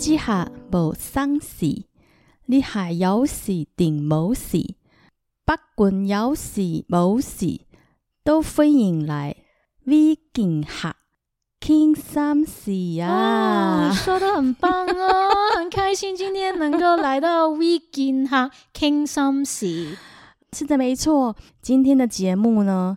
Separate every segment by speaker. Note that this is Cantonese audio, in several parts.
Speaker 1: 之下冇生事，你係有事定冇事，不管有事冇事，都歡迎嚟 V 健客傾心事啊！你說得很
Speaker 2: 棒啊，很開心今天能夠來到 V 健客
Speaker 1: 傾心事。Si、是的，沒錯，今天的節目呢？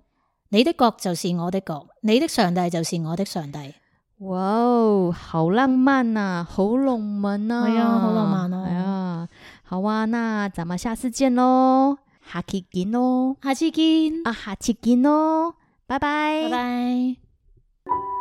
Speaker 2: 你的國就是我的國，你的上帝就是我的上帝。
Speaker 1: 哇哦，好浪漫啊，好浪漫啊，係啊、哎，好浪漫啊，係啊、哎。好啊，那咱們下次見咯，下次見咯，下次見啊，下次見
Speaker 2: 咯，拜拜，拜拜。